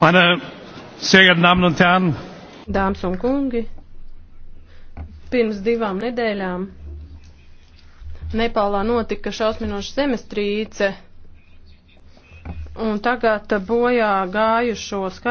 Meine sehr geehrten Damen und Herren, Dāmas un kungi, pirms divām nedēļām Nepālā notika šausminoša zemestrīce, un tagad bojā gājušo skaitu.